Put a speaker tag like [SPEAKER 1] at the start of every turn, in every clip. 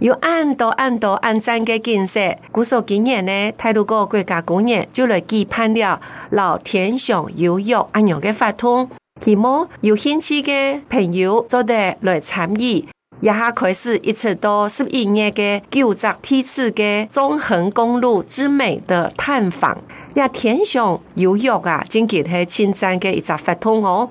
[SPEAKER 1] 有按多按多按讚嘅建設，古數今年呢，太魯閣國家公園就來舉辦了。老天祥有約按樣嘅活動，希望有興趣的朋友早點來參與。也可是一下開始，一直到十一月嘅九座梯次嘅中橫公路之美的探訪。呀，天祥有約啊，真屆係稱讚嘅一個活動哦。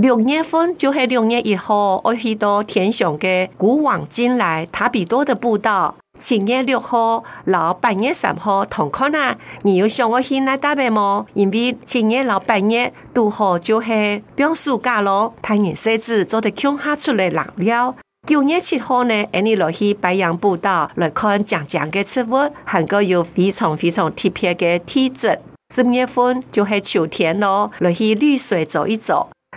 [SPEAKER 1] 六月份就是六月一號，我去到天祥嘅古往今來塔比多的步道，七月六號老八月十號同看啦。你有想我先來搭白帽，因為七月老八月都好就係表暑假咯，太陽曬子做得恐吓出來冷了。九月七號呢，你落去白楊步道來看長長嘅植物，能夠有非常非常特別嘅體質。十月份就係秋天咯，落去綠水走一走。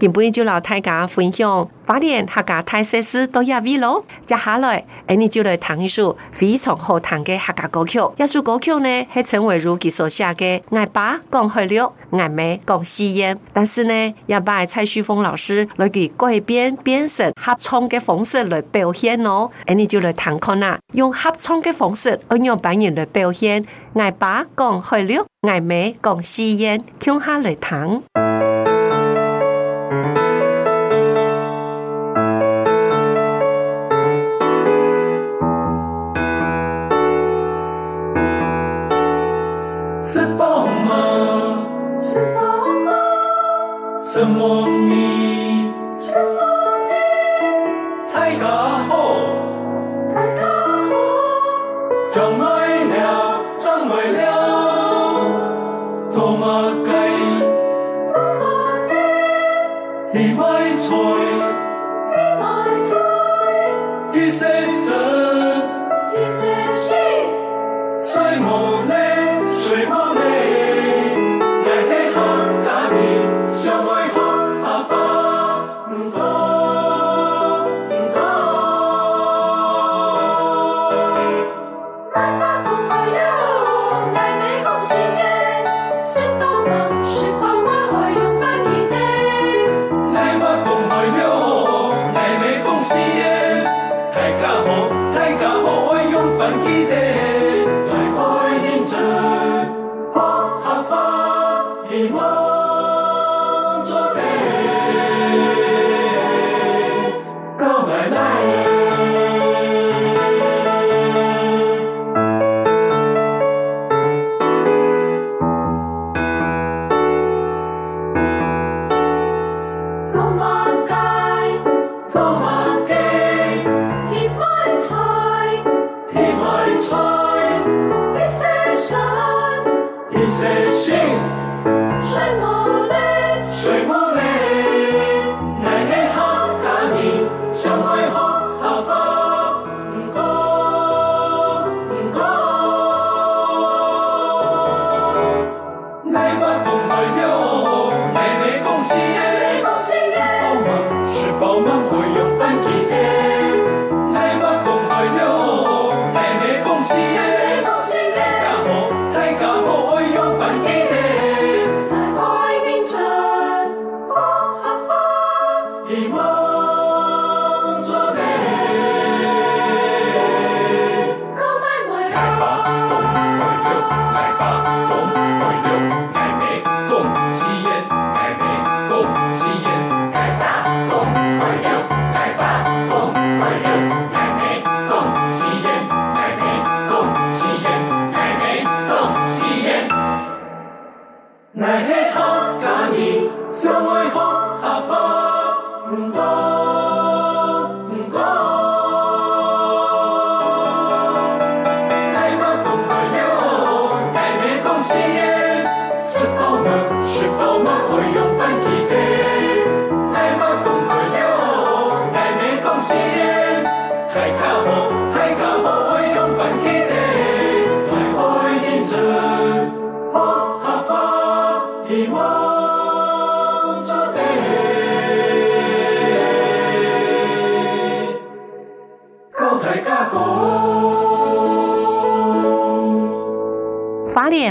[SPEAKER 1] 原本就老大家分享，把連客家台設施都入 V 咯，接下來，誒，你就來彈一首非常好彈的客家歌曲。這首歌曲呢係陳偉如佢所寫嘅，艾爸講海流，艾妹講西煙，但是呢，一班蔡徐峰老師來佢改編編成合唱嘅方式來表現哦。誒，你就來彈看呐，用合唱的方式用扮演來表現，艾爸講海流，艾妹講西煙，聽下來彈。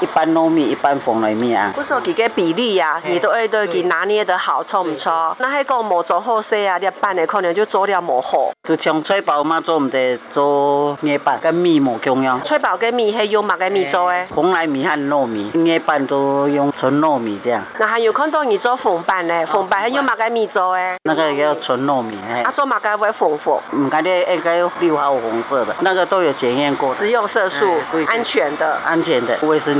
[SPEAKER 2] 一般糯米，一般紅來米，米啊。不
[SPEAKER 1] 說幾個比例啊、嗯、你都對給拿捏得好，錯唔錯？那，那還講磨做好些啊，這板嘞可能就做了磨好。
[SPEAKER 2] 就青脆包嘛，做唔得做椰板跟米磨重要。
[SPEAKER 1] 脆包跟米係用麥嘅米做嘅。
[SPEAKER 2] 哎，紅來米和糯米椰板都用純糯米這樣。
[SPEAKER 1] 那還有可能你做紅板呢？紅板係用麥嘅米做
[SPEAKER 2] 嘅。哎，那個要純糯，糯米。啊，做麥嘅會豐富。嗯，嗰啲應該六號紅色的，那個都有檢驗過，食用色素，安全的，安全的，衛生。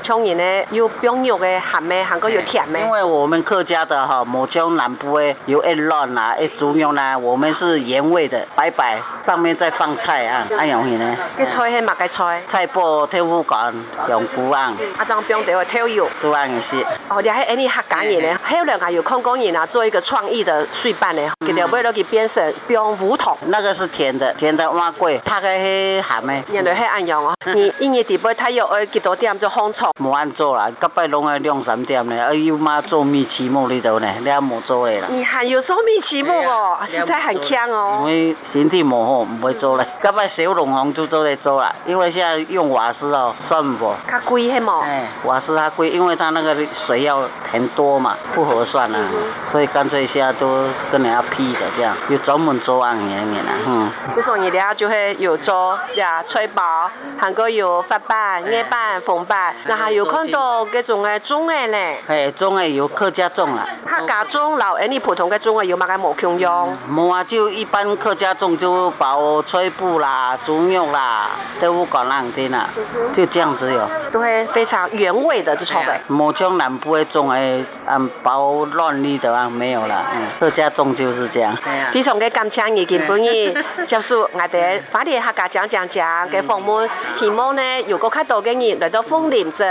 [SPEAKER 1] 像你呢，有冰肉的鹹嘅，還有甜嘅。因
[SPEAKER 2] 為我們客家的哈，梅、哦、州南部的有醃肉啦、醃豬肉啦，我們是原味的，白白上面再放菜啊，安用你呢？嗯嗯、菜係乜嘅菜？菜脯、豆腐乾、香菇啊。啊，張冰豆啊，的油。煮安尼是。哦，哎、你
[SPEAKER 1] 還呢？還、嗯、有兩個有空工人啊，做一個創意的水板呢，佮條都變成
[SPEAKER 2] 冰芋頭那個是甜的，甜的碗粿，它、那個係鹹嘅。原來係安樣啊？你二日點半太陽二幾多點就放床。嗯冇按做啦，佮拜攏愛兩三點嘞，啊又嘛做米奇莫裏頭呢，了你也冇做嘞，你
[SPEAKER 1] 還有做米奇莫哦，身材、啊、很輕哦。因
[SPEAKER 2] 為身體冇好，唔會做嘞。佮、嗯、拜小農房就做得做啦，因為現在用瓦斯哦，算不啵？
[SPEAKER 1] 較貴係冇、欸。
[SPEAKER 2] 瓦斯較貴，因為他那個水要填多嘛，不合算了、啊、 所以乾脆現在都跟人家批的這樣，有專門做按年年啦。
[SPEAKER 1] 佢、嗯、上、嗯、日料就會有做呀，吹包，還國有發板、壓板、縫板，嗯啊，有看到這種誒種誒咧，
[SPEAKER 2] 嘿，種誒有客家種啦，
[SPEAKER 1] 客家種老誒呢，的你普通嘅種誒有買個毛槍用，
[SPEAKER 2] 毛、嗯、啊、嗯、就一般客家種就包菜脯啦、豬肉啦，都唔搞那樣子啦、嗯，就這樣子喲。對，非常原味的，這種的，就出來。毛槍南部誒種誒，嗯，包卵栗的話沒有啦，嗯，客家種就是這樣。
[SPEAKER 1] 非常比上嘅甘青已經不易，就是阿爹，反正客家講講講，嘅父母希望呢，有夠許多嘅你，來到鳳林鎮。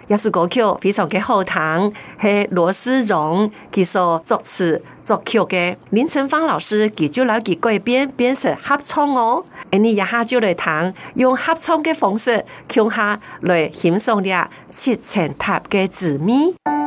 [SPEAKER 1] 也是歌曲，非常嘅好聽，係羅思榮佢所作詞作曲嘅，林晨芳老師佢就來佢改編，幾幾變成合唱哦、喔。咁你一下就來彈，用合唱嘅方式，共下來欣賞啲七層塔嘅字謎。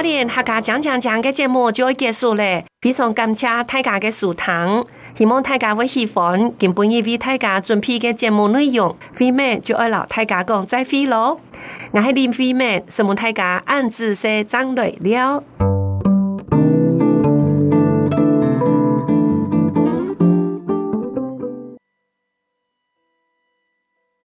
[SPEAKER 1] 我客家講講講嘅節目就要結束咧，非常感謝大家嘅收聽，希望大家會喜歡。今本夜為大家準備嘅節目內容，飛妹就愛老大家講再飛咯。我是林飛妹，希望大家按自說長類了。